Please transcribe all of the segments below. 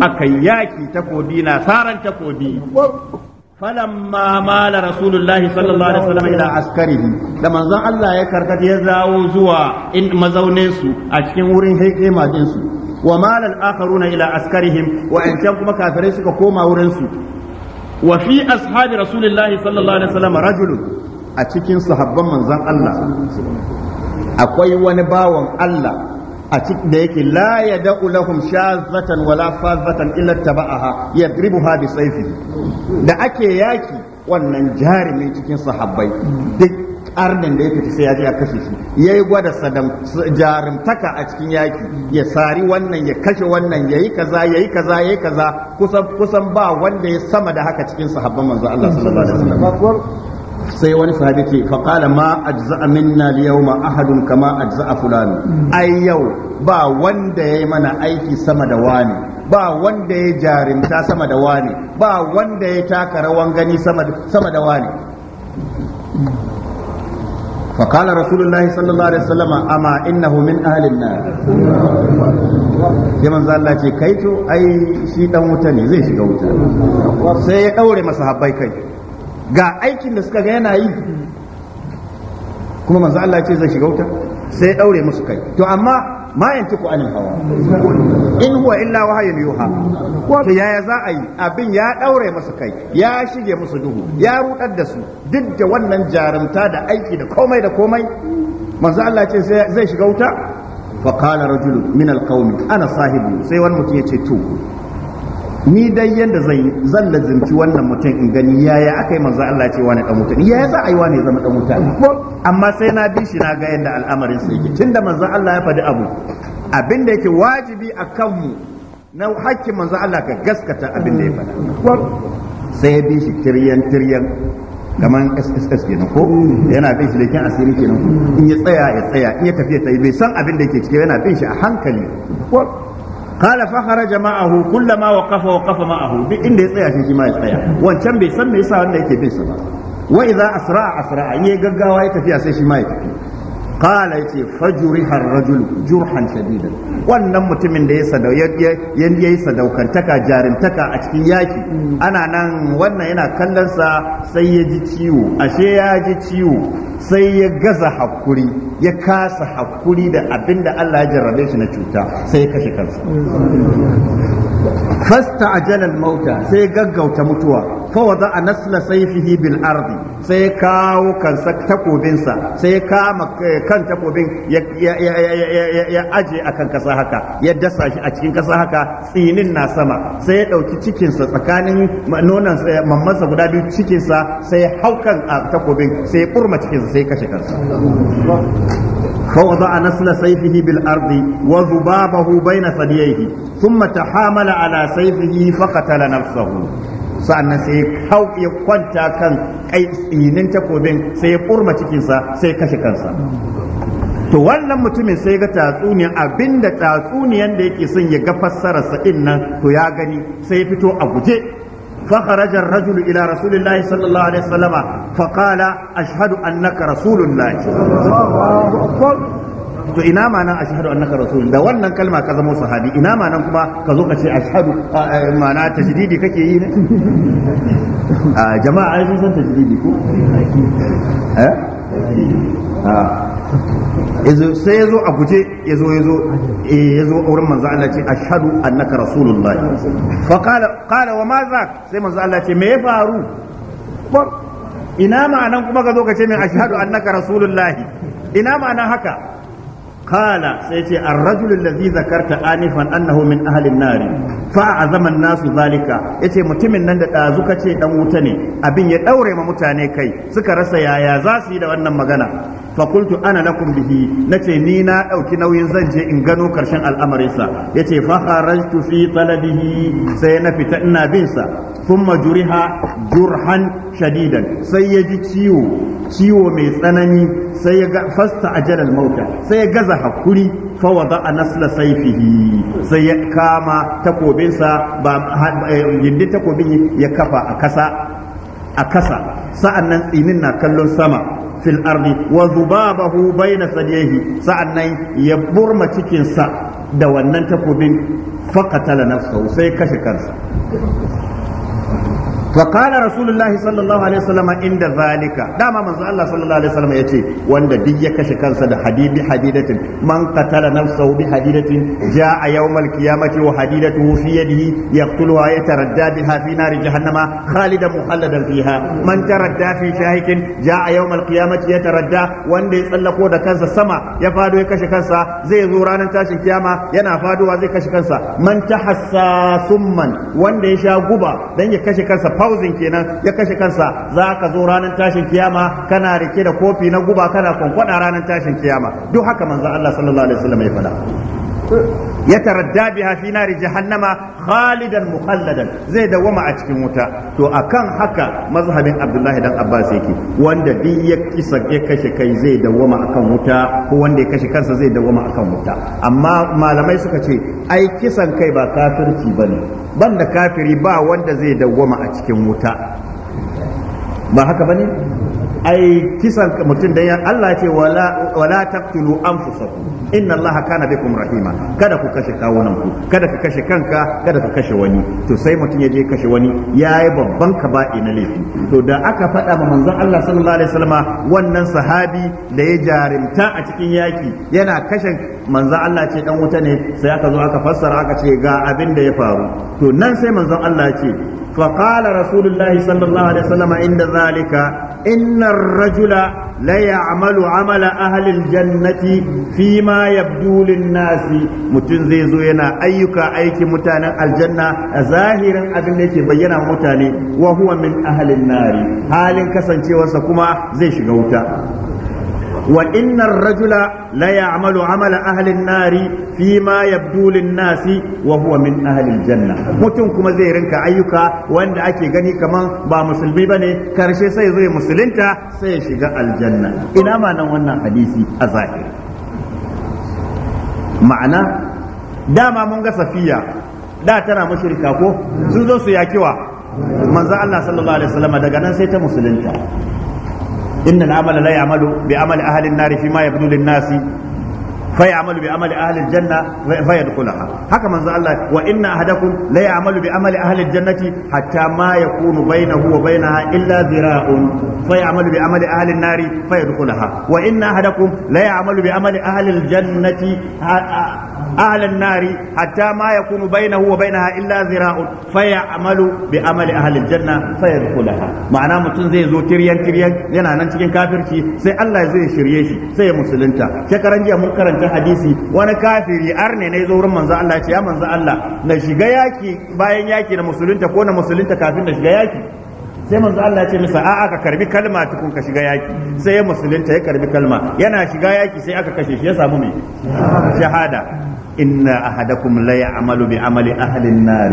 aka yaki takobi na saran takobi falamma mala rasulullahi sallallahu alaihi wasallam ila askarihi da manzon Allah ya karkata ya zawo zuwa in mazaunin su a cikin wurin hikima din su wa mala al-akharuna ila askarihim wa an kuma kafirai suka koma wurin su wa fi ashabi rasulullahi sallallahu alaihi wasallam rajulun a cikin sahabban manzon Allah akwai wani bawan Allah a cikin da yake la ya da'u lahum shazatan wala fazatan illa taba'aha yadribuha bi sayfi da ake yaki wannan jarumin cikin sahabbai duk arnin da ya fita sai ya je ya kashe shi ya yi gwada jarumtaka a cikin yaki ya sari wannan ya kashe wannan ya yi kaza ya yi kaza ya yi kaza kusan ba wanda ya sama da haka cikin sahabban manzo Allah sallallahu alaihi wasallam sai wani sahabi ce fa qala ma ajza minna al yawma ahadun kama ajza fulan ai yau ba wanda yayi mana aiki sama da wani ba wanda ya jarimta sama da wani ba wanda ya taka rawan gani sama sama da wani fa qala rasulullahi sallallahu alaihi wasallam amma innahu min ahli an-nar sai manzo Allah ce kaito ai shi dan wuta ne zai shiga wuta sai ya daure masa habbai kai ga aikin da suka ga yana yi kuma manzo Allah ya ce zai shiga wuta sai daure musu kai to amma ma yantiku anil hawa in huwa illa wahyun yuha to yaya za a yi abin ya daure musu kai ya shige musu duhu ya rudar da su duk da wannan jarumta da aiki da komai da komai manzo Allah ce zai shiga wuta fa qala rajulun min alqawmi ana sahibu sai wani mutum ya ce to ni dai yanda zan zan lazimci wannan mutum in gani yaya aka yi manzo Allah ce wani dan mutum yaya za a yi wani zama dan mutum amma sai na bi shi na ga yanda al'amarin sa yake tunda manzo Allah ya faɗi abu abin da yake wajibi a kanmu na hakkin manzo Allah ka gaskata abin da ya faɗa sai ya bi shi tiryan tiryan kamar sss kenan ko yana bin shi leken asiri kenan in ya tsaya ya tsaya in ya tafi ya tafi bai san abin da yake cike yana bin shi a hankali qala fa kharaja ma'ahu kullama waqafa waqafa ma'ahu duk inda ya tsaya shi shi ma ya tsaya wancan bai san me yasa wanda yake bin sa ba wa idza asra asra in gaggawa ya tafiya sai shi ma ya tafi qala yace fajuriha har rajul jurhan shadidan wannan mutumin da ya sadau ya sadaukantaka jarintaka a cikin yaki ana nan wannan yana kallon sa sai ya ji ciwo ashe ya ji ciwo sai ya gaza hakuri ya kasa hakuri da abinda Allah ya jarrabe shi na cuta sai ya kashe kansa mm. fasta ajalal mauta sai gaggauta mutuwa fawada a nasla saifihi bil ardi sai kawo takobinsa sai kama eh, kan takobin ya aje a kan kasa haka ya dasa shi a cikin kasa haka tsinin na sama sai ya ɗauki cikinsa tsakanin nonon eh, mammansa guda biyu cikinsa sai haukan a takobin sai kurma cikinsa sai kashe kansa فوضع نسل سيفه بالأرض وذبابه بين ثدييه ثم تحامل على سيفه فقتل نفسه sa'annan sai ya ya kwanta kan kai tsinin takobin sai ya furma cikinsa sai ya kashe kansa to wannan mutumin sai ga tatsuniya abinda tatsuniyan da yake son ya ga fassarar sa nan to ya gani sai ya fito a guje fa kharaja ar rasulillah sallallahu alaihi wasallama fa qala ashhadu annaka rasulullah to ina ma nan ashhadu annaka rasul da wannan kalma ka zama sahabi ina ma nan kuma ka zo ka ce ashhadu ma'ana tajdidi kake yi ne a jama'a ai sun san tajdidi ko eh yazo sai yazo a guje yazo yazo eh yazo auren manzo Allah ce ashhadu annaka rasulullah fa qala qala wa ma sai manzo Allah ce me ya faru ina ma'anan kuma ka zo ka ce min ashhadu annaka rasulullah ina ma'anan haka قال سيتي الرجل الذي ذكرت آنفا أنه من أهل النار fa azaman nasu zalika yace mutumin nan da dazu ce dan wuta ne abin ya daure ma mutane kai suka rasa yaya za su yi da wannan magana fa qultu ana lakum bihi nace ni na dauki nauyin zan je in gano karshen al'amarin sa yace fa kharajtu fi talabihi sai na fita ina bin sa thumma juriha jurhan shadidan sai ya ji ciwo ciwo mai tsanani sai ya ga fasta ajalal mauta sai ya gaza hakuri fawada a nasla saifihi sai ya kama takobinsa ba eh, takobin ya kafa a kasa a kasa sa'an nan tsinin na kallon sama fil ardi wa zubabahu bayna sadiyhi sa'an nan ya burma cikinsa da wannan takobin fakatala nafsahu sai kashe kansa فقال رسول الله صلى الله عليه وسلم عند ذلك دام من الله صلى الله عليه وسلم يتي وان دي يكشي كانسا حديد حديدة من قتل نفسه بحديدة جاء يوم القيامة وحديدته في يده يقتلها يتردى بها في نار جهنم خالدا مخلدا فيها من تردى في شاهك جاء يوم القيامة يتردى وان دي يتسلقوا دا كانسا سما يفادو يكشي كانسا زي زورانا تاشي قيامة ينا فادو وزي كشي كانسا من تحسى ثم وان دي شاقوبا دي يكشي كانسا fauzin kenan ya kashe kansa za ka zo ranar tashin kiyama kana rike da kofi na guba kana kwankwada ranar tashin kiyama duk haka manzo Allah sallallahu alaihi wasallam ya faɗa yataradda biha fi nari jahannama khalidan mukhalladan zai dawama a cikin wuta to akan haka mazhabin Abdullahi dan Abbas yake wanda duk ya kisa ya kashe kai zai dawama akan wuta ko wanda ya kashe kansa zai dawama akan wuta amma malamai suka ce ai kisan kai ba kafirci bane banda kafiri ba wanda zai dawwama a cikin wuta ba haka bane ai kisan mutum da Allah ya ce wala wala taqtulu anfusakum inna Allah kana bikum rahima kada ku kashe kawunan ku kada ka kashe kanka kada ka kashe wani to sai mutum ya je kashe wani yayi babban kaba'i na laifi to da aka faɗa ma manzon Allah sallallahu alaihi wasallama wannan sahabi da ya jarimta a cikin yaki yana kashe manzon Allah ce dan wuta ne sai aka zo aka fassara aka ce ga abin da ya faru to nan sai manzon Allah ya ce فقال رسول الله صلى الله عليه وسلم عند ذلك إن الرجل لا يعمل عمل أهل الجنة فيما يبدو للناس متنزيزو ينا أيك أيك متانا الجنة ظاهرا أبنك بينا متاني وهو من أهل النار حال كسنتي وسكما زي شغوتا wa rajula la ya'malu amala ahlin nari fi ma yabdu lin nasi wa huwa min ahlil janna mutum kuma zai rinka ayyuka wanda ake gani kaman ba musulmi bane karshe sai zai musulunta sai ya shiga aljanna ina ma nan wannan hadisi a zahiri ma'ana dama mun ga safiya da tana mushrika ko sun zo su yakiwa manzo Allah sallallahu alaihi wasallam daga nan sai ta musulunta innal amala la ya'malu bi amali ahli an-nar fi ma yabdu lin فيعمل بعمل أهل الجنة فيدخلها هكا من الله وإن أحدكم لا يعمل بعمل أهل الجنة حتى ما يكون بينه وبينها إلا ذراع فيعمل بعمل أهل النار فيدخلها وإن أحدكم لا يعمل بعمل أهل الجنة أهل النار حتى ما يكون بينه وبينها إلا ذراع فيعمل بعمل أهل الجنة فيدخلها معناه متن زي زو تريان تريان yana nan cikin kafirci sai Allah zai shirye shi sai ya musulunta shekaran jiya mun karanta hadisi wani kafiri ar ne zo wurin manzo Allah ya ce ya manzo Allah na shiga yaki bayan yaki na musulunta ko na musulunta kafin na shiga yaki sai manzo Allah ya ce masa a'a ka karbi kalma tukun ka shiga yaki sai ya musulunta ya karbi kalma yana shiga yaki sai aka kashe shi ya samu me shahada amali إن أحدكم لا يعمل بعمل أهل النار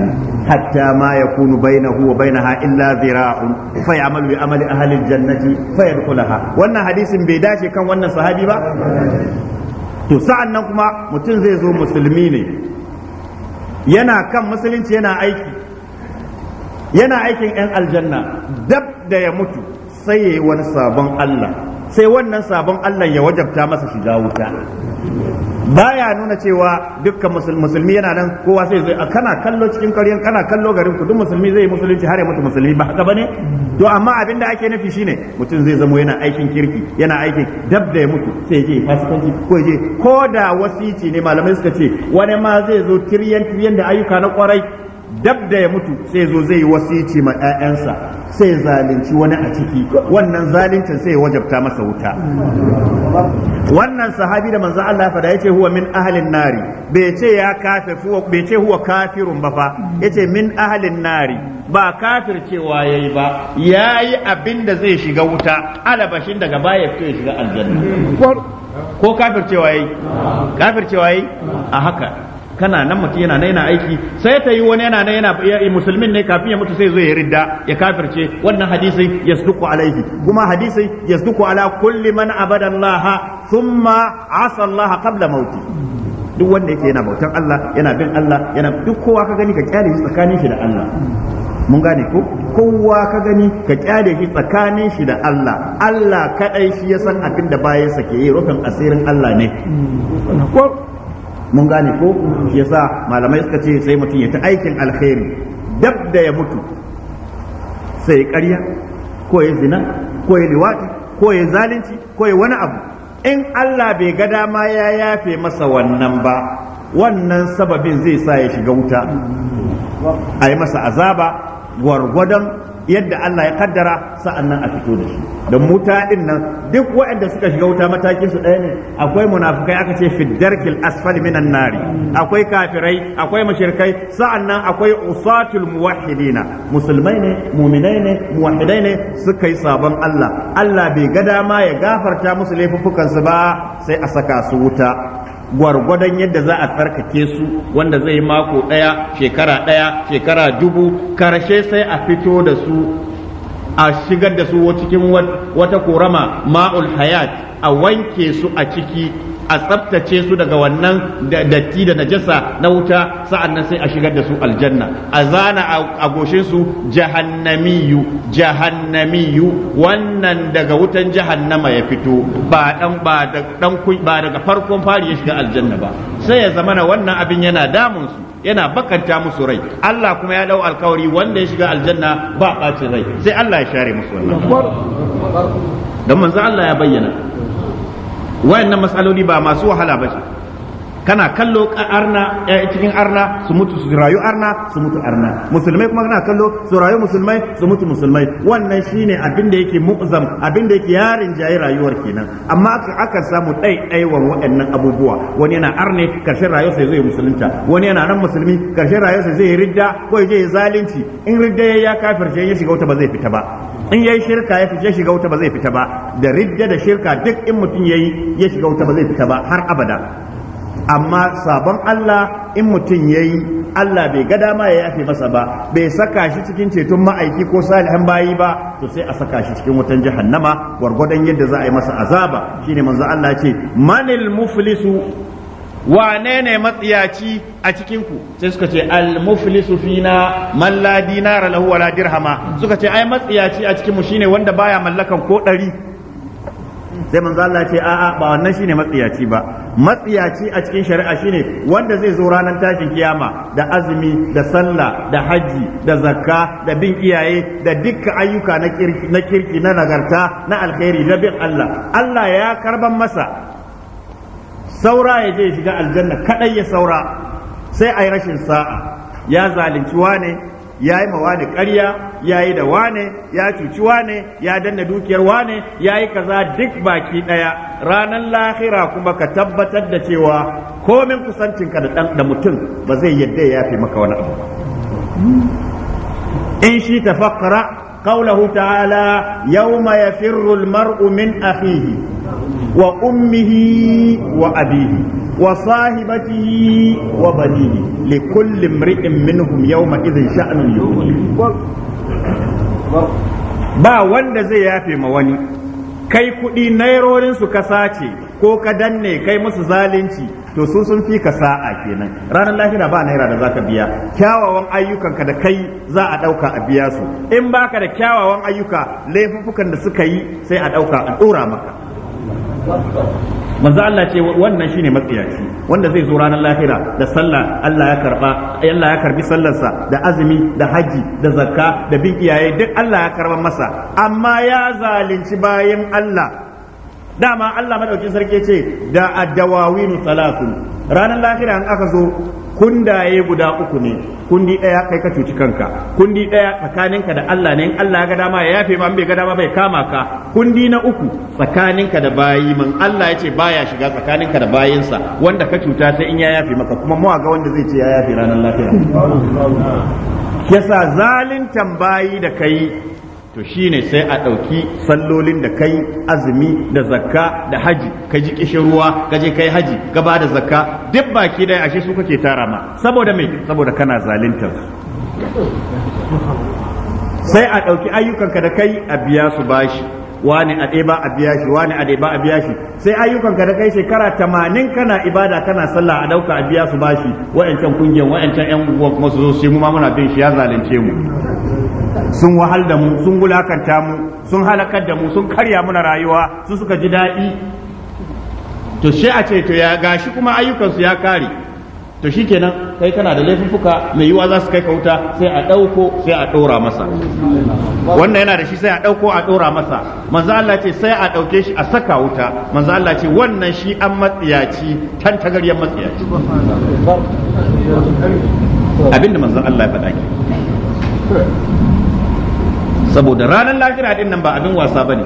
حتى ما يكون بينه وبينها إلا ذراع فيعمل بعمل أهل الجنة Wannan hadisin bai dace kan wannan sahabi ba? to sa'an nan kuma mutum zai zo musulmi ne yana kan musulunci yana aiki yana aikin 'yan aljanna dab da ya mutu sai ya yi wani sabon Allah sai wannan sabon Allah ya wajabta masa shiga wuta baya nuna cewa dukkan musulmi yana nan kowa sai zai kana kallo cikin ƙaryan kana kallo garin ku duk musulmi zai musulunci har ya mutu musulmi ba haka bane to amma abin da ake nufi shine mutum zai zamo yana aikin kirki yana aikin dab da ya mutu sai je fasikanci ko je ko da wasici ne malamai suka ce wani ma zai zo tiryan tiryan da ayyuka na kwarai dab da ya mutu sai zo zai wasici ma 'ya'yansa sai zalunci wani a ciki wannan zaluncin sai wajabta masa wuta wannan sahabi da manzo Allah fada yace huwa min ahlin nari bai ce ya kafir bai ce huwa kafirun ba fa yace min ahlin nari ba kafir cewa yayi ba yayi abin da zai shiga wuta alabashin daga baya fito ya shiga aljanna ko kafir cewa yayi kafir cewa yayi a haka kana nan mutum yana nan yana aiki sai ta yi wani yana nan yana musulmin ne kafin ya mutu sai zai ridda ya kafirce wannan hadisi yasduqu alaihi kuma hadisi yasduqu ala kulli man abada Allah thumma asa Allah qabla mauti duk wanda yake yana bautan Allah yana bin Allah yana duk kowa ka gani ka kyale tsakanin shi da Allah mun gane ko kowa ka gani ka kyale shi tsakanin shi da Allah Allah kadai shi ya san abin da bayansa ke yi rufin asirin Allah ne hmm. mun gane ko yasa malamai suka ce sai mutum ya ta aikin alkhairi dab da ya mutu sai ƙarya ko ya zina ko ya liwati ko ya zalunci ko ya wani abu in Allah bai ga dama ya yafe masa wannan ba wannan sababin zai sa ya shiga wuta a yi masa azaba gwargwadon yadda Allah ya kaddara sa'annan a fito da shi Da muta din nan duk waɗanda suka shiga wuta matakin su ɗaya ne akwai munafukai aka ce fiddarkil asfal minan nari akwai kafirai akwai mashirkai sa'annan akwai usatul muwahhidina musulmai ne muminai ne muwahhidai ne suka yi sabon Allah Allah bai ga dama ya gafarta musu laifuffukansu ba sai a saka su wuta gwargwadon yadda za a tsarkake su wanda zai yi mako ɗaya shekara ɗaya shekara dubu karshe sai a fito da su a shigar da su cikin wata korama ma'ul hayat a wanke su a ciki a tsaftace su daga wannan datti da najasa na wuta nan sai a shigar da su aljanna a zana a goshin su jahannamiyu jahannamiyu wannan daga wutan jahannama ya fito ba dan ba dan ba daga farkon fari ya shiga aljanna ba sai ya zama na wannan abin yana damun su yana bakanta musu rai Allah kuma ya dau alkawari wanda ya shiga aljanna ba ɓacin rai sai Allah ya share musu wannan don manzo Allah ya bayyana wayannan matsaloli ba masu wahala ba ce kana kallo arna cikin arna su mutu su rayu arna su mutu arna musulmai kuma kana kallo su rayu musulmai su mutu musulmai wannan shine abin da yake mu'zam abin da yake yarin jayi rayuwar kenan amma aka samu dai dai wa abubuwa wani yana arne karshe rayuwar sai zai musulunta wani yana nan musulmi karshen rayuwar sai zai ridda ko ya je zalunci in ridda ya kafirce ya shiga wata ba zai fita ba in yayi shirka ya fice shiga wuta ba zai fita ba da ridda da shirka duk in mutum yayi ya shiga wuta ba zai fita ba har abada amma sabon Allah in mutum yayi Allah bai ga dama ya yafe masa ba bai saka shi cikin ceton ma'aiki ko salihan bayi ba to sai a saka shi cikin wutan jahannama gwargwadon yadda za a yi masa azaba shine manzo Allah ya ce manil muflisu wane ne matsiyaci a cikin ku sai suka ce al muflisu fina man la dinara lahu wala dirhama suka ce ai matsiyaci a cikin mu shine wanda baya mallakan ko ɗari sai manzo Allah ce a'a ba wannan shine matsiyaci ba matsiyaci a cikin shari'a shine wanda zai zo ranar tashin kiyama da azumi da sallah da haji da zakka da bin iyaye da dukkan ayyuka na kirki na kirki na nagarta na alkhairi da bin Allah Allah ya karban masa saura ya je shiga aljanna kadai ya saura sai a rashin sa'a ya zalunci wane ya yi mawane ƙarya ya yi da wane ya cuci wane ya danna dukiyar wane ya yi kaza duk baki ɗaya ranar lahira kuma ka tabbatar da cewa komin kusancinka da da mutum ba zai yadda ya fi maka wani abu in shi tafakkara قوله تعالى يوم يفر المرء من أخيه وأمه وأبيه وصاحبته وبنيه لكل امرئ منهم يومئذ شأن يغنيه ba wanda zai yafe ma wani kai kuɗi nairorinsu ka sace ko ka danne kai musu zalunci to su sun fi ka sa'a kenan ranar lahira ba naira da zaka biya kyawawan ayyukanka da kai za a ɗauka a biya su in baka da kyawawan ayyuka laifuffukan da suka yi sai a ɗauka a ɗora maka manzo Allah ce wannan shine matsiyaci wanda zai zo ranar lahira da sallah Allah ya karba Allah ya karbi sallarsa da azumi da haji da zakka da bin iyaye duk Allah ya karba masa amma ya zalunci bayan Allah dama Allah madaukin sarki ce da adawawinu salatun ranar lahira an aka zo kundaye guda uku ne kundi daya kai ka cuci kanka kundi daya tsakaninka da Allah ne in Allah ya ga dama ya yafe ma bai ga dama bai kama ka kundi na uku tsakaninka da bayi man Allah ya ce baya shiga tsakaninka da bayinsa wanda ka cuta sai in ya yafe maka kuma mu ga wanda zai ce ya yafe ranar lafiya yasa zalintan bayi da kai to shi ne sai a ɗauki sallolin da kai azumi da zakka da haji ka ji kishin ruwa ka je kai haji gaba da zakka duk baki ɗaya ashe su kake tara ma saboda me saboda kana zalunta sai a ɗauki ayyukanka da kai a biya su bashi wani a ɗeba a biya shi wani a ɗeba a biya shi sai ayyukan ka da kai shekara tamanin kana ibada kana sallah a ɗauka a biya su bashi wa'ancan kungiyar wa'ancan yan uwa kuma su zo su mu ma muna bin shi ya zalunce mu sun wahal da mu sun wulakanta mu sun halakar da mu sun karya muna rayuwa su suka ji daɗi to shi a ce to ya gashi kuma ayyukansu ya kare to shi kenan kai kana da laifuka mai yiwa za su kai ka wuta sai a ɗauko sai a ɗora masa wannan yana da shi sai a ɗauko a ɗora masa manzo Allah ce sai a ɗauke shi a saka wuta manzo Allah ce wannan shi an matsiyaci tan tagaryen matsiyaci abinda manzo Allah ya faɗa ke saboda ranar lahira din nan ba abin wasa bane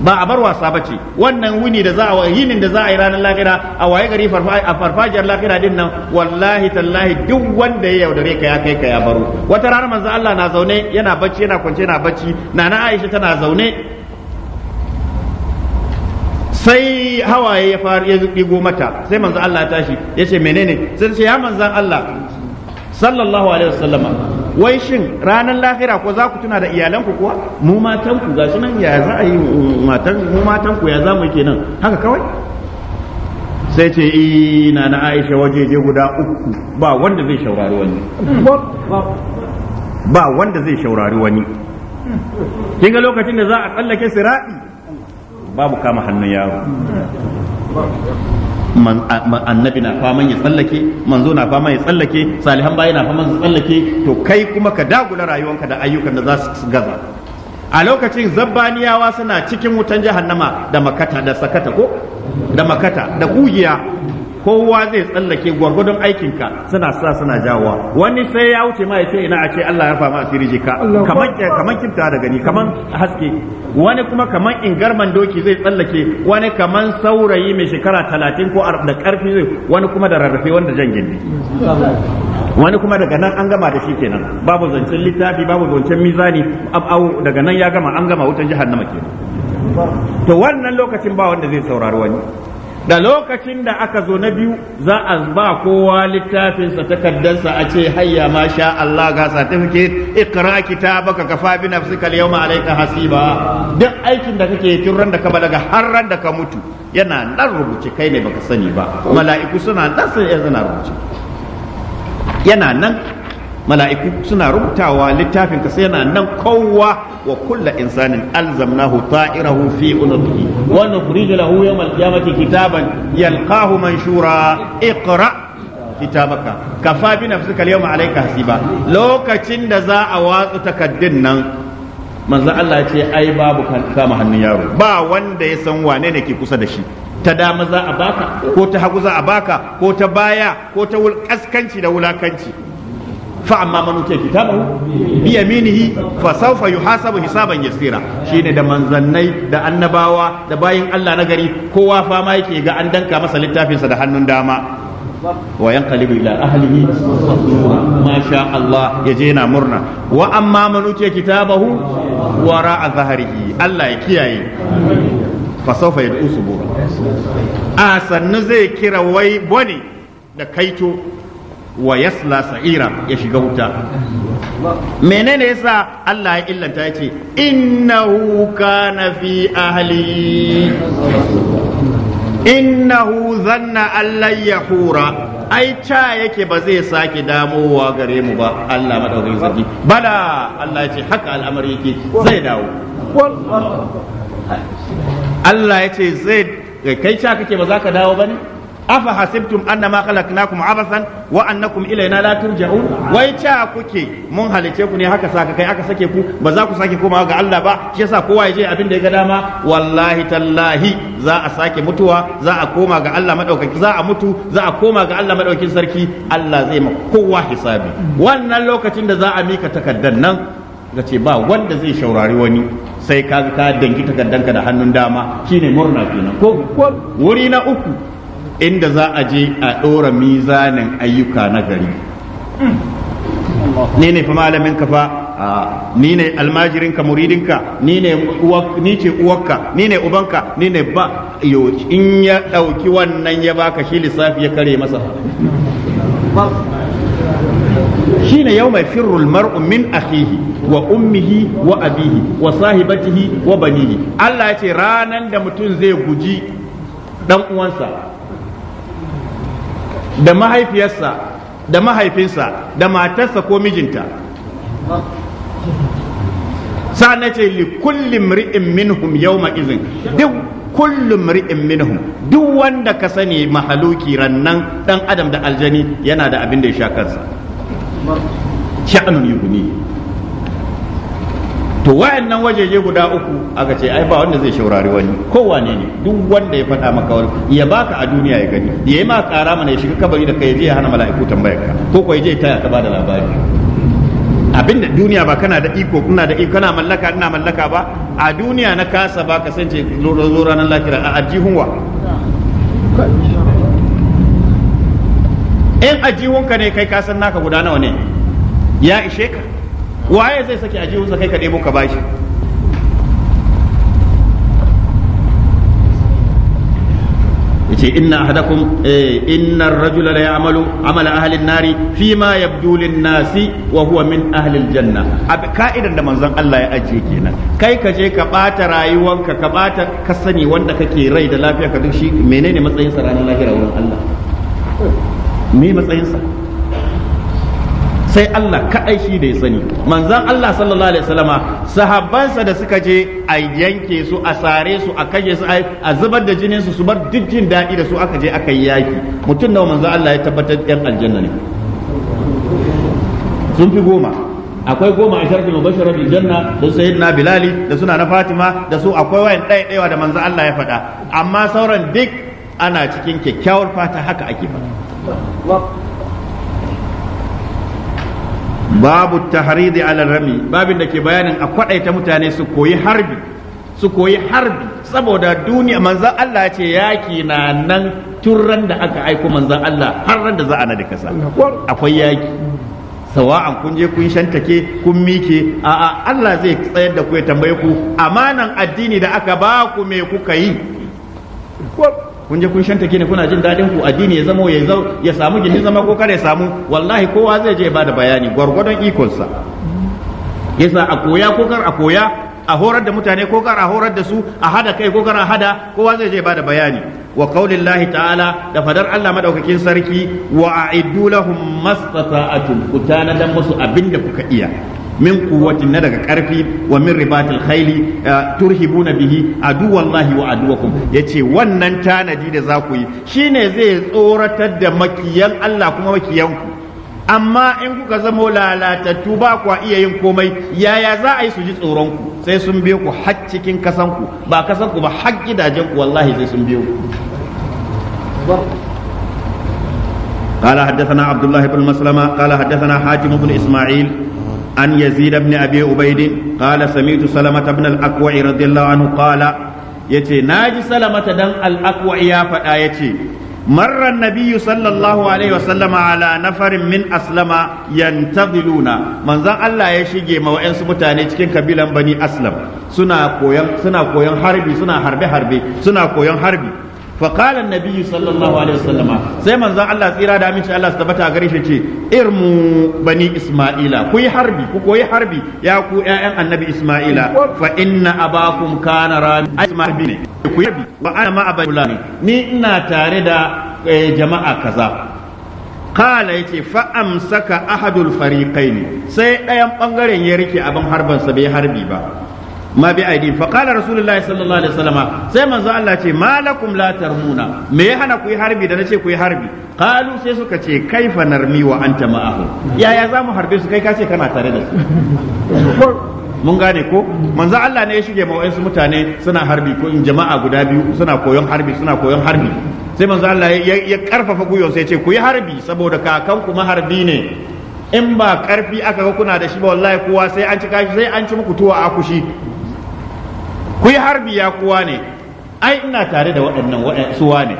ba a bar wasa bace wannan wuni da za a yinin da za a yi ranar lahira a waye gari a farfajiyar lahira din nan wallahi tallahi duk wanda ya yaudare ka ya kai ka ya baro wata ranar manzo Allah na zaune yana bacci yana kwance yana bacci nana Aisha tana zaune sai hawaye ya faru ya digo mata sai manzo Allah ya tashi yace menene sai ya manzo Allah sallallahu alaihi wasallama wai shin ranar lahira ko za ku tuna da iyalanku kuwa mu matanku ga shi nan ya za a yi mm, mu matanku ya za mu kenan haka kawai sai ce ina eh, na aisha wajeje guda uku ba wanda zai shaurari wani ba wanda zai shaurari wani kin ga lokacin da za a tsallake sira'i babu kama hannun yaro annabi na faman ya tsallake manzo na faman ya tsallake salihan bayi na faman su tsallake to kai kuma ka dagula rayuwanka da ayyukan da za su gaza a lokacin zabbaniyawa suna cikin wutan jahannama da makata da sakata ko da makata da kugiya kowa zai tsallake gwargwadon aikinka suna sa suna jawa wani sai ya wuce ma ya ce ina a ce Allah ya rufa ma asiri jika kaman eh, kaman kimta da gani kaman haske wani kuma kaman ingarman doki zai tsallake wani kaman saurayi mai shekara talatin ko da karfi zai wani kuma da rarrafe wanda jan gindi wani kuma daga nan an gama da shi kenan babu zancen littafi babu zancen mizani daga nan ya gama an gama wutan jahannama kenan to wannan lokacin ba wanda zai saurari wani da lokacin da aka zo na biyu za a ba kowa littafinsa takardarsa a ce hayya ma sha Allah ga certificate ikra kitabaka kafa bi nafsika al alayka hasiba duk aikin da kake yi ran da ka balaga har ran da ka mutu yana nan rubuce kai ne baka sani ba mala'iku suna nan sai yana rubuce yana nan mala'iku suna rubutawa littafin ka yana nan kowa wa kulla insanin alzamnahu ta'irahu fi unqihi wa nukhrij lahu yawm al-qiyamati kitaban yalqahu manshura iqra kitabaka kafa bi nafsika al-yawma alayka hasiba lokacin da za a watsu takaddin nan manzo Allah ce ai babu kama hannun yaro ba wanda ya san wane ne ke kusa da shi ta dama za a baka ko ta hagu za a baka ko ta baya ko ta wulƙaskanci da wulakanci Fa'amma فأما minihi, أوتي كتابه بيمينه فسوف يحاسب حسابا Shi ne da manzannai da annabawa da bayin Allah na gari kowa fama yake ga an danka masa littafinsa da hannun dama wa yanqalibu ila ahlihi ma sha Allah ya je na murna wa amma man utiya wa wara zahrihi Allah ya kiyaye fa sawfa yad'u subura a sannu zai kira wai bane da kaito wa yasla sa'ira ya shiga wuta menene yasa Allah ya illanta yace innahu kana fi ahli innahu zanna allan yahura ai ca yake ba zai sake damowa gare mu ba Allah madaukakin sarki bala Allah ya ce haka al'amari yake zai dawo Allah ya ce zai kai ca kake ba za ka dawo ba ne afa hasibtum annama khalaqnakum abasan wa annakum ilaina la turja'un wai cha kuke mun halice ku ne haka saka kai aka sake ku ba za ku sake komawa ga Allah ba shi yasa kowa yaje abin da ya ga dama wallahi tallahi za a sake mutuwa za a koma ga Allah madaukaki za a mutu za a koma ga Allah madaukin sarki Allah zai ma kowa hisabi wannan lokacin da za a mika takaddan nan ga ce ba wanda zai shaurari wani sai ka ka dangi takaddanka da hannun dama shine murna kenan ko wuri na uku inda za a je a ɗora mizanin ayyuka na gari ne ne fi malamin ka fa ni ne almajirinka muridinka ni ne ni ce uwakka. ni ne ubanka ni ne ba in ya ɗauki wannan ya baka shi lissafi ya kare masa shi ne yau mai firrul mar'u min akhihi wa ummihi wa abihi wa sahibatihi wa banihi Allah ya ce ranan da mutum zai guji dan uwansa da mahaifiyarsa da mahaifinsa da matarsa ko mijinta sa na ce li kulli mri'in minhum yawma izin duk kullum ri'in minhum duk wanda ka sani mahaluki rannan dan adam da aljani yana da abin da ya sha kansa sha'anun yuguni to wa'annan wajeje guda uku aka ce ai ba wanda zai shaurari wani kowane ne duk wanda ya faɗa maka wani ya baka a duniya ya gani ya yi ma ƙara mana ya shiga kabari da kai je ya hana mala'iku tambayar ka ko ko ya je taya ka bada labari abin da duniya ba kana da iko kuna da iko kana mallaka ina mallaka ba a duniya na kasa ba ka sance zo ranar lahira a ajihun wa in ka ne kai kasan naka guda nawa ne ya ishe ka waye zai saki ajihunsa kai ka ɗebo ka bashi yace inna ahadakum eh, inna ar-rajula la ya'malu amala ahli an-nari fima yabdu lin-nasi wa huwa min ahli al-janna ab ka'idan da manzon Allah ya ajiye kenan kai ka je ka bata rayuwanka ka bata ka sani wanda kake rai da lafiya ka duk shi menene matsayin sa ranar lahira wurin Allah me matsayin sa sai Allah kaɗai shi da ya sani manzan Allah sallallahu alaihi wasallama sahabbansa da suka je a yanke su a sare su a kashe su a zubar da jinin su su bar duk jin daɗi da su aka je aka yi yaki mutum nawa manzan Allah ya tabbatar yan aljanna ne sun fi goma akwai goma a sharfin mubashara bil janna da sayyid na bilali da suna na fatima da su akwai wayan ɗaya ɗaya da manzan Allah ya faɗa amma sauran duk ana cikin kyakkyawar fata haka ake faɗa babu tahridi ala rami babin da ke bayanin a ta mutane su koyi harbi su koyi harbi saboda duniya manzan Allah ce yaki na nan tun da aka aiko manzan Allah har ran da za a da kasa akwai yaki sawa'an kun je kun shantake kun mike a'a Allah zai tsayar da ku ya tambaye ku amanan addini da aka ba ku me kuka yi kun je kun shanta ne kuna jin dadin ku addini ya zama ya ya samu gini zama ko kare samu wallahi kowa zai je ba da bayani gwargwadon ikonsa yasa a koya ko kar a koya a horar da mutane ko kar a horar da su a hada kai ko kar a hada kowa zai je bada bayani wa qaulillahi ta'ala da fadar Allah madaukakin sarki wa a'iddu lahum mastata'atun kutana dan musu abinda kuka iya min quwwatin na daga karfi wa min ribatil khayli eh, na bihi aduwallahi wa Ya ce wannan tanadi da za ku yi shine zai tsoratar da makiyan Allah kuma makiyan ku amma in kuka zamo lalatattu ba kwa iya yin komai yaya za a yi su ji tsoron ku sai sun biyo ku har cikin kasan ku ba kasan ku ba har gidajen ku wallahi sai sun biyo ku قال حدثنا عبد الله بن مسلمة قال حدثنا حاتم بن إسماعيل عن يزيد بن أبي عبيد قال سمعت سلمة بن الأكوع رضي الله عنه قال يتي ناجي سلمة دم الأكوع يا فتا يتي مر النبي صلى الله عليه وسلم على نفر من أسلم ينتظلون من ذا الله يشيجي ما وإنس متاني تكين كبيلا بني أسلم سنا كوين سنا كوين حربي سنا حربي حربي سنا كوين حربي فقال النبي صلى الله عليه وسلم sai manzon Allah tsira da aminci Allah su tabbata gare ce irmu bani isma'ila ku yi harbi ku koyi harbi ya ku ƴaƴan annabi isma'ila fa inna abakum kana rami isma'il ne ku yi wa ana ma abai ni ina tare da eh, jama'a kaza kala ya ce fa'amsaka ahadul fariƙai ne sai ɗayan ɓangaren ya abin harbansa bai harbi ba ma bi aidi fa qala rasulullahi sallallahu alaihi wasallam sai manzo Allah ce malakum la tarmuna me ya hana ku yi harbi da nace ku yi harbi qalu sai suka ce kaifa narmi wa anta ma'ahu yaya zamu harbi su kai ka ce kana tare da su mun gane ko manzo Allah ne ya shige ma wayansu mutane suna harbi ko in jama'a guda biyu suna koyon harbi suna koyon harbi sai manzo Allah ya karfafa guyon sai ya ce ku yi harbi saboda kakan ma harbi ne in ba karfi aka ga kuna da shi ba wallahi kowa sai an ci kashi sai an ci muku tuwa akushi ku yi harbi ya kuwa ne ai ina tare da waɗannan suwa ne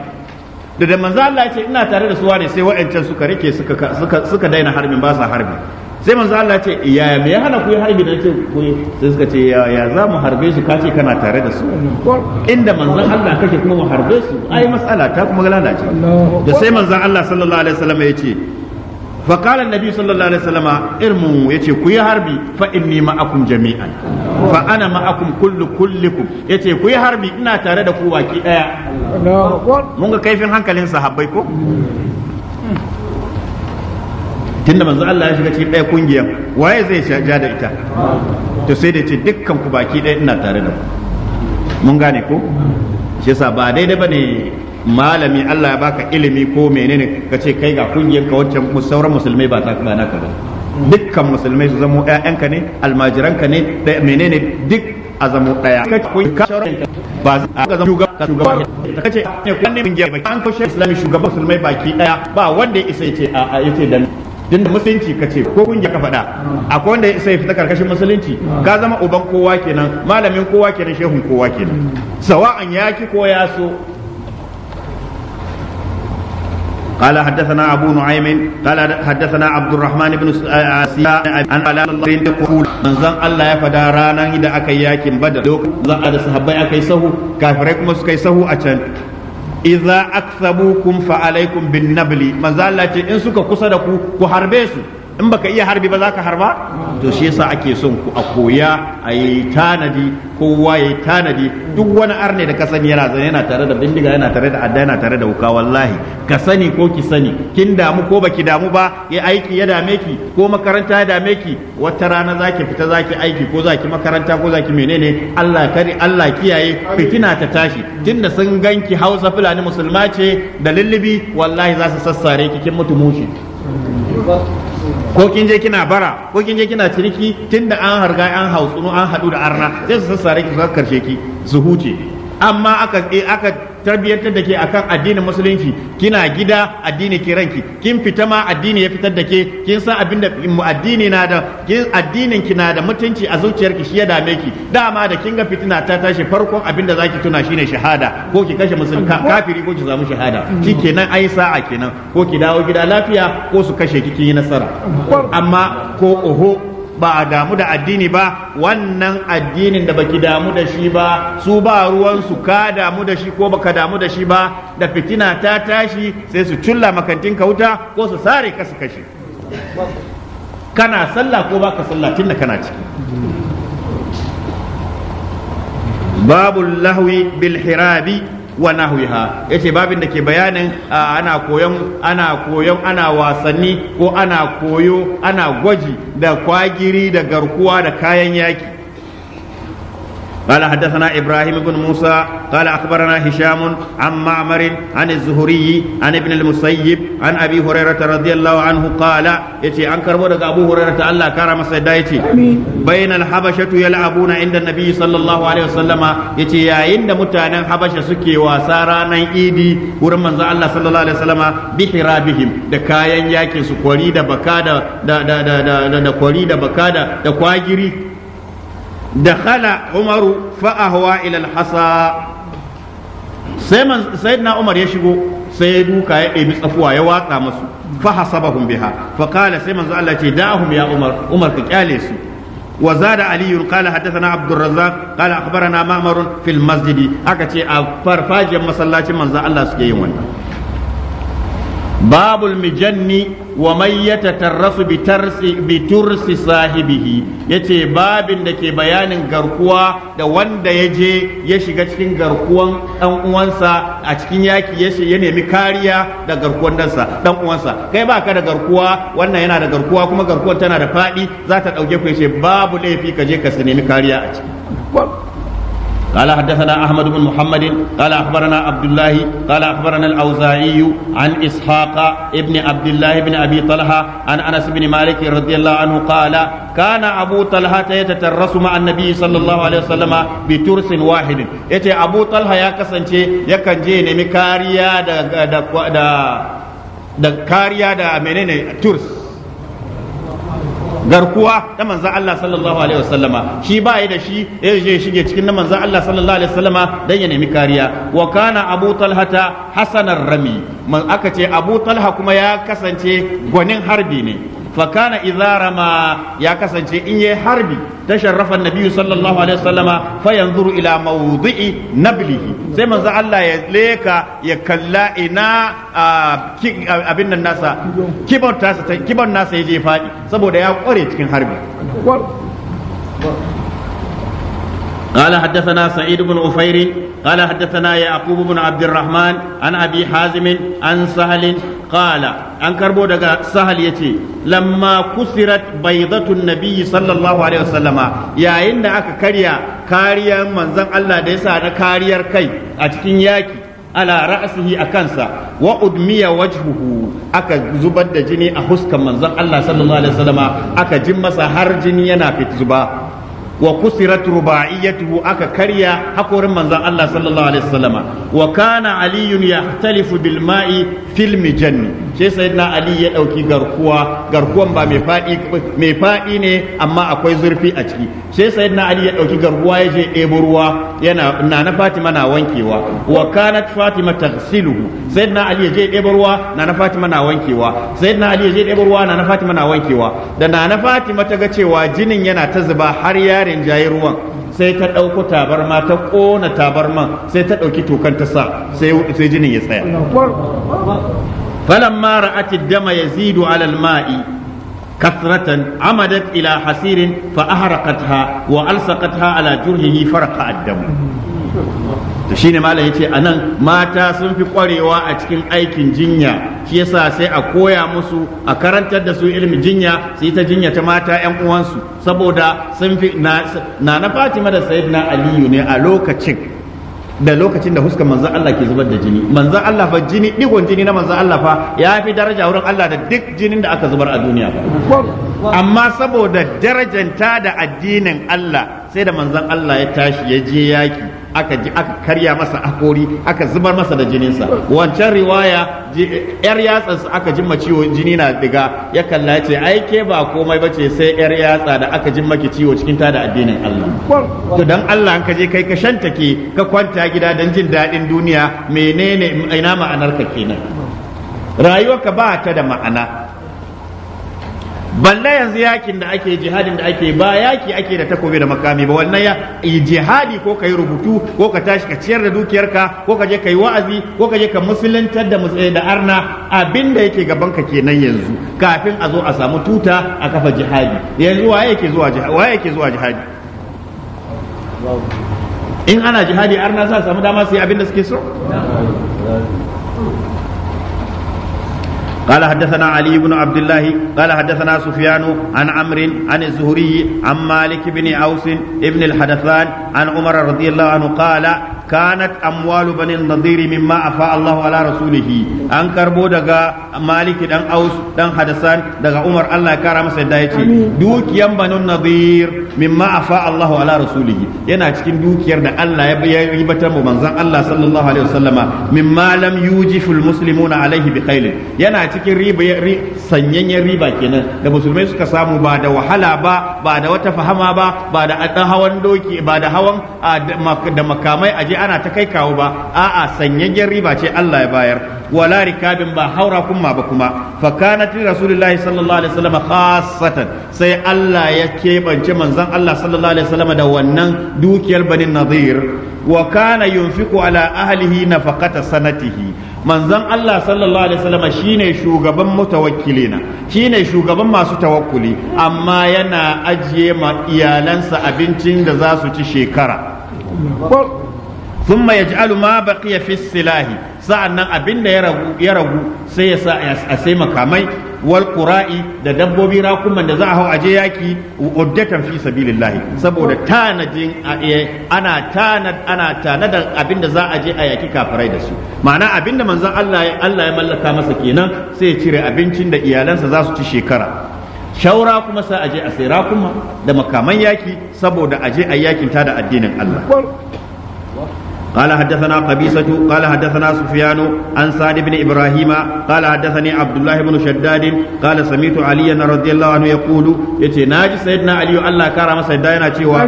da da manzo Allah ya ce ina tare da suwa ne sai waɗancan suka rike suka suka suka daina harbin ba sa harbi sai manzo Allah ya ce ya me ya hana ku yi harbi da ce ku sai suka ce ya ya za mu harbe su kace kana tare da su inda manzo Allah kake kuma mu harbe su ai mas'ala ta kuma lalace da sai manzo Allah sallallahu alaihi wasallam ya ce fa qala annabi sallallahu alaihi wasallam irmu yace ku yi harbi fa inni ma'akum jami'an fa ana ma'akum kullu kullikum yace ku yi harbi ina tare da ku waki daya mun ga kaifin hankalin sahabbai ko tunda manzo Allah ya shiga cikin ɗaya kungiya waye zai ja da ita to sai da ce dukkan ku baki ɗaya ina tare da ku mun gane ko shi yasa ba daidai bane malami Allah ya baka ilimi ko menene ka ce kai ga kungiyar ka wacce sauran musulmai ba ta ba naka ba dukkan musulmai su zamo ƴaƴanka ne almajiranka ne da menene duk a zamo daya ba ka ga shugaba shugaba kace ne ne mungiya ba an kaushe islami shugaba musulmai baki daya ba wanda ya isa yace a yace dan din da musulunci ka ce ko kungiya ka faɗa akwai wanda ya fita karkashin musulunci ka zama uban kowa kenan malamin kowa kenan shehun kowa kenan sawa'an yaki ko ya so قال حدثنا أبو نعيم قال حدثنا عبد الرحمن بن سياء عن على الله يقول من زن الله يفدا رانا إذا أكي ياكم بدر دوك زن أدى صحبي أكي سهو كافركم سكي سهو أچن إذا أكثبوكم فعليكم بالنبل من زن الله إن سكا كسدكو كحربيسو in baka iya harbi ba za ka harba to shi yasa ake son ku a koya a yi tanadi kowa ya tanadi duk wani arne da ka sani yana zane yana tare da bindiga yana tare da adda yana tare da wuka wallahi ka sani ko ki sani kin damu ko baki damu ba ya aiki ya dame ki ko makaranta ya dame ki wata rana zaki fita zaki aiki ko zaki makaranta ko zaki menene Allah kare Allah kiyaye fitina ta tashi tunda sun ganki Hausa Fulani musulma ce da lullubi wallahi za su sassare ki kin mutu mushi ko kin je kina bara ko kin je kina ciniki tunda an harga an hautsuno an haɗu da arna sai su sassare ki su karshe ki su huce amma aka eh, aka tarbiyyantar da ke akan addinin musulunci kina gida addini ki ranki kin fita ma addini ya fitar da ke kin san abin da addini na da kin addinin ki na da mutunci a zuciyarki shi ya dame ki dama da kin ga fitina ta tashi farkon abin da zaki tuna shine shahada ko ki kashe musulmi kafiri ko ki samu shahada Ki kenan ai sa'a kenan ko ki dawo gida lafiya ko su kashe ki kin yi nasara amma ko oho ba a damu da addini ba wannan addinin da baki damu da shi ba su ba ruwan su ka damu da shi ko baka damu da shi ba da fitina ta tashi sai su culla makantin kauta ko su sare ka su kashe kana sallah ko baka sallah tunda kana ciki babu lahwi bil hirabi wa nahwiha yace babin da ke bayanin ana koyon ana koyon ana wasanni ko ana koyo ana gwaji da kwagiri da garkuwa da kayan yaki قال حدثنا إبراهيم بن موسى قال أخبرنا هشام عن معمر عن الزهري عن ابن المسيب عن أبي هريرة رضي الله عنه قال يتي أنكر ودك أبو هريرة الله كرم سيدايتي بين الحبشة يلعبون عند النبي صلى الله عليه وسلم يتي يا إن متانا حبشة سكي وسارانا إيدي ورمان الله صلى الله عليه وسلم بحرابهم دكايا ياكي سكوري دبكا da kwari da baka da kwagiri dakhala umaru fa ahwa ila alhasa sai umar ya shigo sai ya duka ya ɗebi tsakuwa ya watsa masu fa hasabahum biha fa qala sai manzo Allah ce da'ahum ya umar umar ka kyale su وزاد علي قال حدثنا عبد الرزاق قال اخبرنا معمر في المسجد اكتي افرفاج مسلاتي منزا الله سكي باب المجن ومن يتترس بترس بترس صاحبه yace babin da ke bayanin garkuwa da wanda ya je ya shiga cikin garkuwan dan uwansa a cikin yaki ya ya nemi kariya da garkuwan dansa dan uwansa kai baka da garkuwa wannan yana da garkuwa kuma garkuwan tana da fadi za ta dauke ku yace babu laifi ka je ka nemi kariya a ciki قال حدثنا أحمد بن محمد قال أخبرنا عبد الله قال أخبرنا الأوزاعي عن إسحاق ابن عبد الله بن أبي طلحة عن أنس بن مالك رضي الله عنه قال كان أبو طلحة يتترس مع النبي صلى الله عليه وسلم بترس واحد يتي أبو طلحة يا كسنتي يكن جيني مكاريا دا دا دا, دا, دا كاريا دا منين ترس garkuwa ta manzan Allah sallallahu alaihi wasallama shi ba yi da shi ya je shige cikin na manzan Allah sallallahu alaihi wasallama dan ya nemi kariya wa kana Abu ta hasanar rami man aka ce Abu Talha kuma ya kasance gwanin harbi ne fakana idza ya kasance in yayi harbi tasharrafa annabi sallallahu alaihi wasallama fa yanzuru ila mawdi'i nablihi sai manzo Allah ya leka ya kalla ina abin nan nasa kibon nasa ya je fadi saboda ya kware cikin harbi قال حدثنا سعيد بن غفير قال حدثنا يعقوب بن عبد الرحمن عن ابي حازم عن سهل قال عن كربو دغا سهل يتي لما كسرت بيضة النبي صلى الله عليه وسلم يا إن أكا كريا كاريا منزل الله ديسا كاريا كي أتكين ياكي ala ra'sihi a kansa wa udmiya wajhuhu aka zubar da jini a huskan manzon Allah sallallahu alaihi wasallama aka jin masa har jini yana fit zuba wa kusirat rubaiyatuhu aka karya hakorin manzon Allah sallallahu alaihi wasallama wa kana aliyun yahtalifu bil ma'i fil mijanni sai sayyidina ali ya dauki garkuwa garkuwan ba mai fadi mai fadi ne amma akwai zurfi a ciki sai sayyidina ali ya dauki garkuwa ya je ɗebo ruwa yana nana fatima na wankewa wa kanat fatima taghsiluhu sayyidina ali ya je ɗebo ruwa nana fatima na wankewa sayyidina ali ya je ɗebo ruwa nana fatima na wankewa da nana fatima ta ga cewa jinin yana ta zuba har yarin jayi ruwan sai ta ɗauko tabarma ta ƙona tabarman sai ta ɗauki tokan ta sa sai jinin ya tsaya فلما رأت الدم يزيد على الماء كثرة عمدت إلى حسير Wa وألصقتها على جرهه فرق الدم to shine malam yace anan mata sun fi ƙwarewa a cikin aikin jinya shi sai a koya musu a karantar da su ilimin jinya su yi ta jinya ta mata yan uwansu saboda sun na na Fatima da na Aliyu ne a lokacin da lokacin da huskar manzan Allah ke zubar da jini manzan Allah fa jini digon jini na manzan Allah fa ya fi daraja wurin Allah da duk jinin da aka zubar a duniya fa amma saboda darajanta da addinin Allah sai da manzan Allah ya tashi ya je yaki aka ji aka karya masa akori aka zubar masa da jininsa wancan riwaya yar yatsansa aka jimma ciwo jini na diga ya kalla ce ai ke ba komai bace sai yar yatsa da aka jimma ki ciwo cikin ta da addinin Allah to dan Allah an ka je kai ka shanta ke ka kwanta gida dan jin dadin duniya menene ina ma'anar ka kenan rayuwarka ba ta da ma'ana balla yanzu yakin da ake jihadin da ake ba yaki ake da takobi da makami ba wannan ya jihadi ko kai rubutu ko ka tashi ka ciyar da dukiyarka ko ka je kai wa'azi ko ka je ka musuluntar da da arna abin da yake gaban ka kenan yanzu kafin a zo a samu tuta a kafa jihadi yanzu waye yake zuwa jihadi zuwa jihadi in ana jihadi arna za samu dama su yi abin da suke so قال حدثنا علي بن عبد الله قال حدثنا سفيان عن عمرو عن الزهري عن مالك بن اوس بن الحدثان عن عمر رضي الله عنه قال kanat amwalu banin nadiri mimma afa Allahu ala rasulihi an karbo daga maliki dan aus dan hadasan daga umar Allah ya kara masa yadda yace dukiyan banin nadir mimma afa Allahu ala rasulihi yana cikin dukiyar da Allah ya yi batar mu manzon Allah sallallahu alaihi wasallama mimma lam yujiful muslimuna alaihi bi khailin yana cikin riba sanyanyen riba kenan da musulmai suka samu ba da wahala ba da wata fahama ba ba da hawan da makamai aje ana ta kai kawo ba a'a sanyayyen riba ce Allah ya bayar wala rikabin ba haura kuma ba kuma fa kanat li sallallahu alaihi wasallam khassatan sai Allah ya kebance manzon Allah sallallahu alaihi wasallam da wannan dukiyar banin nadir wa kana yunfiqu ala ahlihi nafaqata sanatihi manzon Allah sallallahu alaihi wasallam shine shugaban mutawakkilina shine shugaban masu tawakkuli amma yana ajiye ma iyalansa abincin da za su ci shekara thumma aluma ma baqiya fi silahi sa'an nan abin da ya ragu sai ya sa a sai makamai wal da dabbobi rakuman da za a hau aje yaki uddatan fi sabilillah saboda tanadin eh, ana tanad ana tanadan za a je a yaƙi kafirai da su ma'ana abinda manzon Allah ya Allah ya mallaka masa kenan sai ya cire abincin da iyalansa za su ci shekara shaura kuma sa je a sai rakuma da makaman yaki saboda je a yakin ta da addinin Allah قال حدثنا قبيصة قال حدثنا سفيان عن سعد بن إبراهيم قال حدثني عبد الله بن شداد قال سمعت عليا رضي الله عنه يقول يتناجي سيدنا علي الله كرم سيدنا تيوا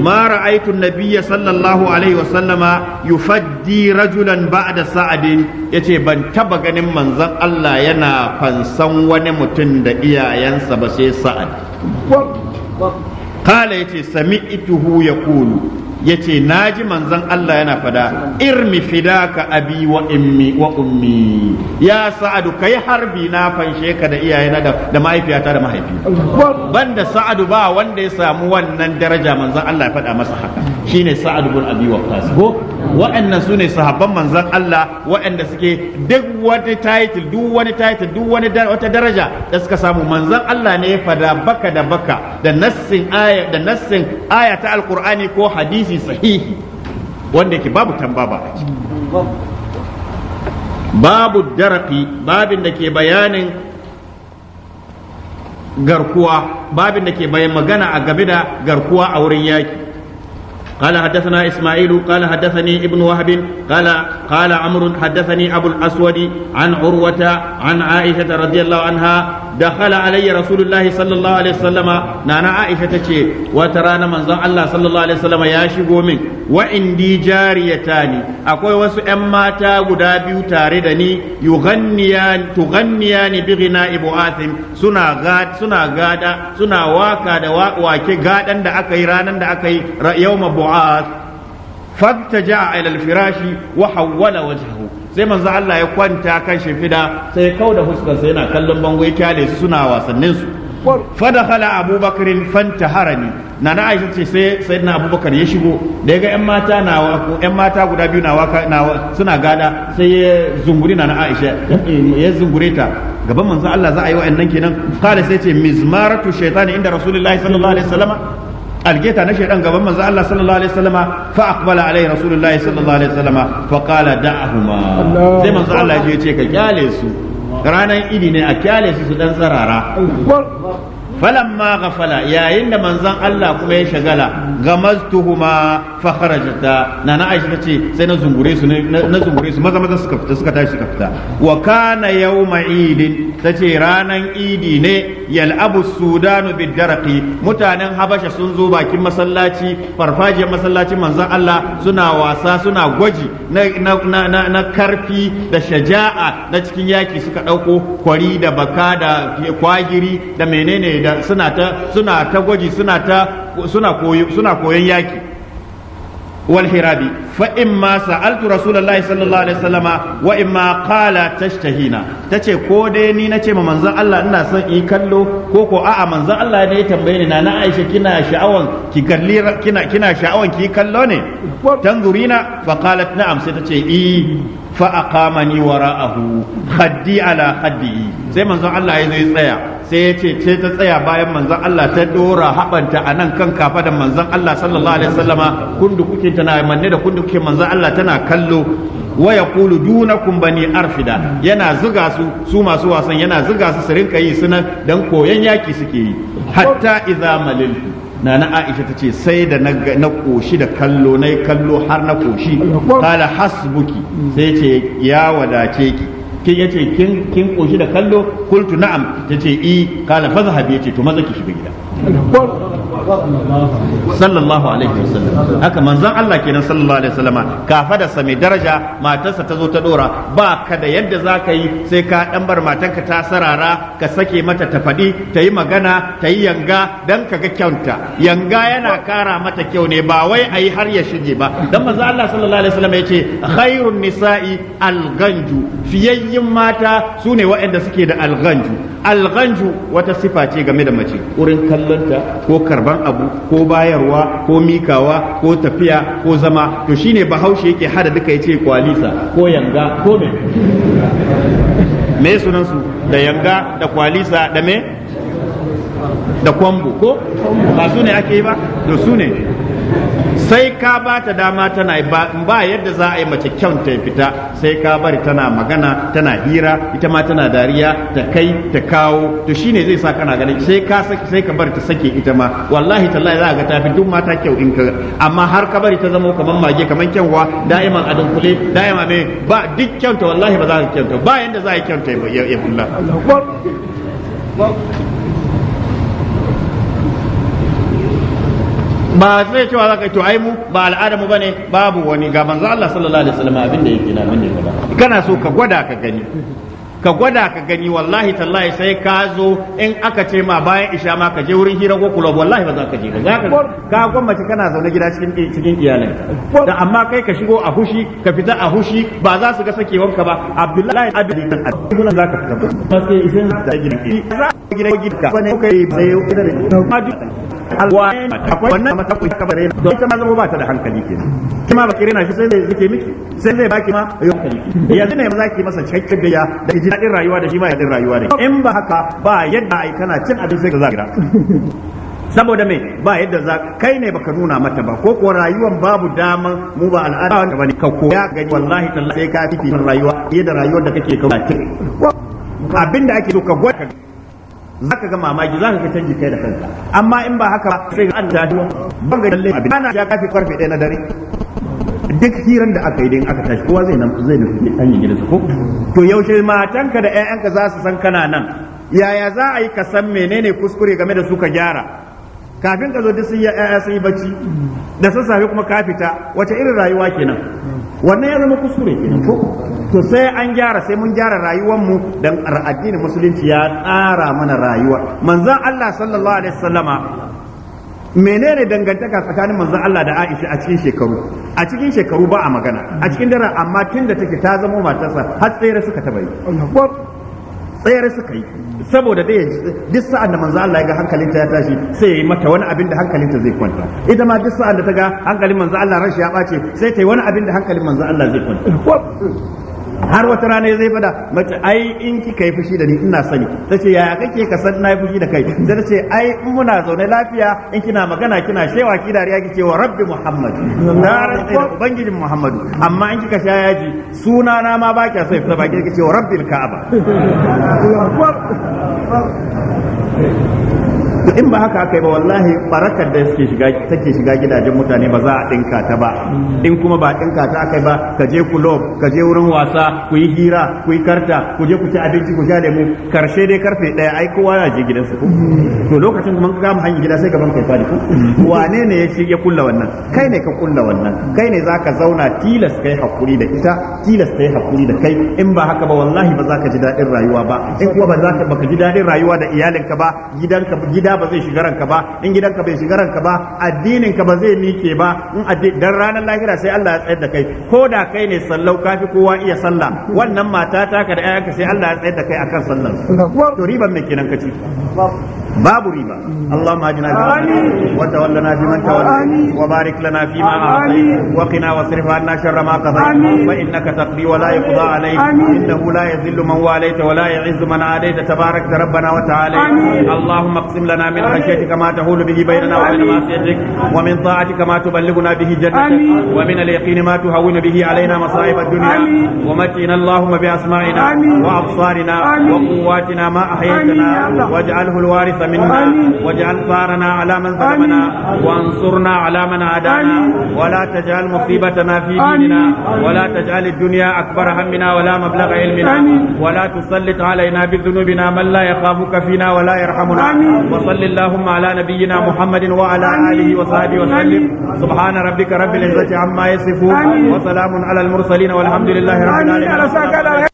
ما رأيت النبي صلى الله عليه وسلم يفدي رجلا بعد سعد yace ban taba ganin manzon Allah yana fansan wani mutum da iyayensa ba sai sa'ad kala yace sami'tuhu yaqulu yace ji manzon Allah yana fada irmi ka abi wa ummi wa ummi ya sa'adu kai harbi na fanshe ka da iyayena da da mahaifiyata da mahaifi banda sa'adu ba wanda ya samu wannan daraja manzon Allah ya fada masa haka shine sa'adu bin abi wa ko wa'annan su ne sahabban manzan Allah wa'anda suke duk wani title duk wani title duk wani wata daraja da suka samu manzan Allah ne ya fada baka da baka da nassin aya da nassin aya ta alqur'ani ko hadisi sahihi wanda yake babu tambaba a babu darafi babin da ke bayanin garkuwa babin da ke bayan magana a game da garkuwa a wurin yaki قال حدثنا إسماعيل قال حدثني ابن وهب قال قال عمرو حدثني أبو الأسود عن عروة عن عائشة رضي الله عنها dakhala alayya rasulullahi sallallahu alaihi wasallama nana aisha ta ce wata rana manzon Allah sallallahu alaihi wasallama ya shigo min wa indi jariyatani akwai wasu ƴan mata guda biyu tare da ni yughanniyan tughanniyani bi ghina'i bu'athim suna gad suna waka da wake gadan da aka yi ranan da aka yi yawma bu'ath fattaja'a ila al-firashi wa hawwala wajhahu sai manzo Allah ya kwanta kan fida sai kau da sai yana kallon bango ya kyale su suna wasannin su fadakhala abubakar fantaharani na na aisha ce sai sayyidina abubakar ya shigo da ga yan mata na yan mata guda biyu na waka suna gada sai ya zunguri na na aisha ya zungure ta gaban manzo Allah za a yi wa'annan kenan kala sai ce mizmaratu shaytani inda rasulullahi sallallahu alaihi wasallama algeta na shaidan gaban manzo Allah sallallahu alaihi wasallama fa aqbala alaihi rasulullahi sallallahu alaihi wasallama fa qala da'ahuma sai manzo Allah ya ce ka kyale su ranan idi ne a kyale su su dan tsarara falamma ghafala yayin da manzon Allah kuma ya shagala gamaztuhuma fa kharajta nana Aisha tace sai na zungure su na zungure su maza maza suka fita suka tashi suka fita wa kana yawma idin tace ranan idi ne yal'abu sudanu biddarqi mutanen habasha sun zo bakin masallaci farfajiyar masallacin manzon Allah suna wasa suna gwaji na na karfi da shaja'a na cikin yaki suka dauko kwari da baka da kwagiri da menene da suna ta suna ta gwaji suna ta suna koyo suna koyon yaki wal hirabi fa ma sa'altu rasulullahi sallallahu alaihi wasallama wa ma qala tashtahina tace ko dai ni nace ma manzon Allah ina son in kallo ko ko a'a manzon Allah ne ya tambaye ni na Aisha kina sha'awan ki kalli kina kina sha'awan ki kallo ne tanzurina fa qalat na'am sai tace i fa aqamani wara'ahu haddi ala haddi sai manzon Allah ya zai ya tsaya sai ya ce ce ta tsaya bayan manzan Allah ta dora haɓanta a nan kan da manzan Allah sallallahu alaihi wasallama kundu kuke tana manne da kundu kuke manzan Allah tana kallo wa kulu duna bani arfida yana zuga su su masu wasan yana zuga su su rinka yi sunan dan koyan yaki suke yi hatta idza na na Aisha ta ce sai da na koshi da kallo na kallo har na koshi kala hasbuki sai ce ya wadace ki kin yace kin kin koshi da kallo kultu na'am tace i eh, kala zahabi yace to maza ki shiga gida sallallahu alaihi wasallam haka manzon Allah kenan sallallahu alaihi wasallama kafa da sami daraja matarsa ta zo ta dora ba ka da yadda za ka yi sai ka dan bar matanka ta sarara ka sake mata ta faɗi ta yi magana ta yi yanga dan ka ga kyauta yanga yana kara mata kyau ne ba wai a yi har ya shige ba dan manzon Allah sallallahu alaihi wasallama yace khairun nisa'i alganju fiyayyin mata sune waɗanda suke da alganju alganju wata sifa ce game da mace wurin kallonta ko karbar sauran abu ko bayarwa ko mikawa ko tafiya ko zama to shine bahaushe yake hada duka yace kwalisa ko yanga ko me me sunan su da yanga da kwalisa da me da kwambo ko ba su ne ake yi ba to su ne sai ka ba ta dama tana ba yadda za a yi mace kyau ta fita sai ka bari tana magana tana hira ita ma tana dariya ta kai ta kawo to shine zai sa kana ganin sai ka sai ka bari ta sake ita ma wallahi tallahi za ga ta fi duk mata kyau in ka amma har ka bari ta zama kamar mage kamar kyanwa a adan kule da'ima me. ba duk kyauta wallahi ba za ka kyauta ba yadda za a yi kyauta ya bulla ba zai cewa zaka to ai mu ba al'ada mu bane babu wani ga manzo Allah sallallahu alaihi wasallam abin da yake na abin da yake kana so ka gwada ka gani ka gwada ka gani wallahi tallahi sai ka zo in aka ce ma bayan isha ma ka je wurin hira ko kulob wallahi ba za ka je ba za ka ka gwammace kana zaune gida cikin cikin iyalin da amma kai ka shigo a hushi ka fita a hushi ba za su ga sakewan ka ba abdullahi abdullahi abdullahi za ka fita ba sai isin da gidan ka akwai wannan mata ku ka don ita ma zama ba ta da hankali ke kuma ba kirena shi sai zai yake miki sai zai baki ma yanzu ne za ki masa cikakken gaya da ji rayuwa da shi ma yadin rayuwa ne in ba haka ba yadda ai kana cin abin sai ka saboda me ba yadda za kai ne baka nuna mata ba ko ko rayuwan babu dama mu ba al'ada ba ne ka koya gani wallahi tallahi sai ka fi rayuwa yadda rayuwar da kake kawo abinda ake so ka gwada za ka ga mamaki za ka ga canji kai da kanka amma in ba haka sai ga an da duwan ban ga dalle abin ana ya kafi karfe ɗaya na dare duk kiran da aka yi din aka tashi kowa zai zai nufi an yi gidansa ko to yaushe matanka da ƴaƴanka za su san kana nan yaya za a yi ka san menene kuskure game da su ka gyara kafin ka zo duk sun yi ƴaƴa sun yi bacci da sun safe kuma ka fita wace irin rayuwa kenan wannan ya zama kuskure kenan ko to sai an gyara sai mun gyara rayuwar mu dan addinin musulunci ya tsara mana rayuwa manzon Allah sallallahu alaihi wasallama menene dangantaka tsakanin manzon Allah da Aisha a cikin shekaru a cikin shekaru ba a magana a cikin dara amma tunda take ta zama matarsa har sai suka tabayi tsayar suka yi saboda dai duk sa'an da manzo Allah ya ga hankalinta ya tashi sai ya yi mata wani abin da hankalinta zai kwanta ita ma duk sa'an da ta ga hankalin manzo Allah rashi ya bace sai ta yi wani abin da hankalin manzo Allah zai kwanta har wata rana zai fada mace ai in kika yi fushi da ni ina sani ta ce yaya kake ka san na fushi da kai sai tace ce ai in muna zaune lafiya in kina magana kina shewa ki dariya kike wa rabbi muhammad na rantsa da ubangijin muhammadu amma in kika sha yaji suna na ma ba kya sai ba baki kike wa rabbil ka'aba in ba haka aka yi ba wallahi barakar da suke shiga take shiga gidajen mutane ba za a dinka ta ba in kuma ba dinka ta aka yi ba ka je ku kulob ka je wurin wasa ku yi hira ku yi karta ku je ku ci abinci ku sha lemu karshe dai karfe daya ai kowa ya je gidansa ku to lokacin kuma ka kama hanyar gida sai gaban kai fadi ku. wane ne ya ya kulla wannan kai ne ka kulla wannan kai ne zaka zauna tilas kai hakuri da ita tilas kai hakuri da kai in ba haka ba wallahi ba za ka ji daɗin rayuwa ba in kuma ba za ka ji daɗin rayuwa da iyalinka ba gidanka gida ba ba zai shiga ranka ba in gidanka bai shiga ranka ba addinin ka ba zai mike ba in addini dan ranar lahira sai Allah ya tsayar da kai ko da kai ne sallau kafi kowa iya sallah wannan mata ta ka da sai Allah ya tsayar da kai akan sallar to riban me kenan kace babu riba Allahumma ajina bi wa tawallana bi man tawalla wa barik lana fi ma a'tayta wa qina wasrif anna sharra ma qadayta fa innaka taqdi wa la yuqda alayka innahu la yadhillu man walayta wa la yu'izzu من خشيتك ما تهول به بيننا وبين معصيتك ومن طاعتك ما تبلغنا به جنتك ومن اليقين ما تهون به علينا مصائب الدنيا ومتعنا اللهم بأسماعنا وأبصارنا وقواتنا ما أحييتنا واجعله الوارث منا واجعل ثارنا على من ظلمنا وانصرنا على من عادانا ولا تجعل مصيبتنا في ديننا ولا تجعل الدنيا أكبر همنا ولا مبلغ علمنا ولا تسلط علينا بذنوبنا من لا يخافك فينا ولا يرحمنا وصل وصل اللهم على نبينا محمد وعلى آله وصحبه وسلم سبحان ربك رب العزة عما يصفون وسلام على المرسلين والحمد لله رب العالمين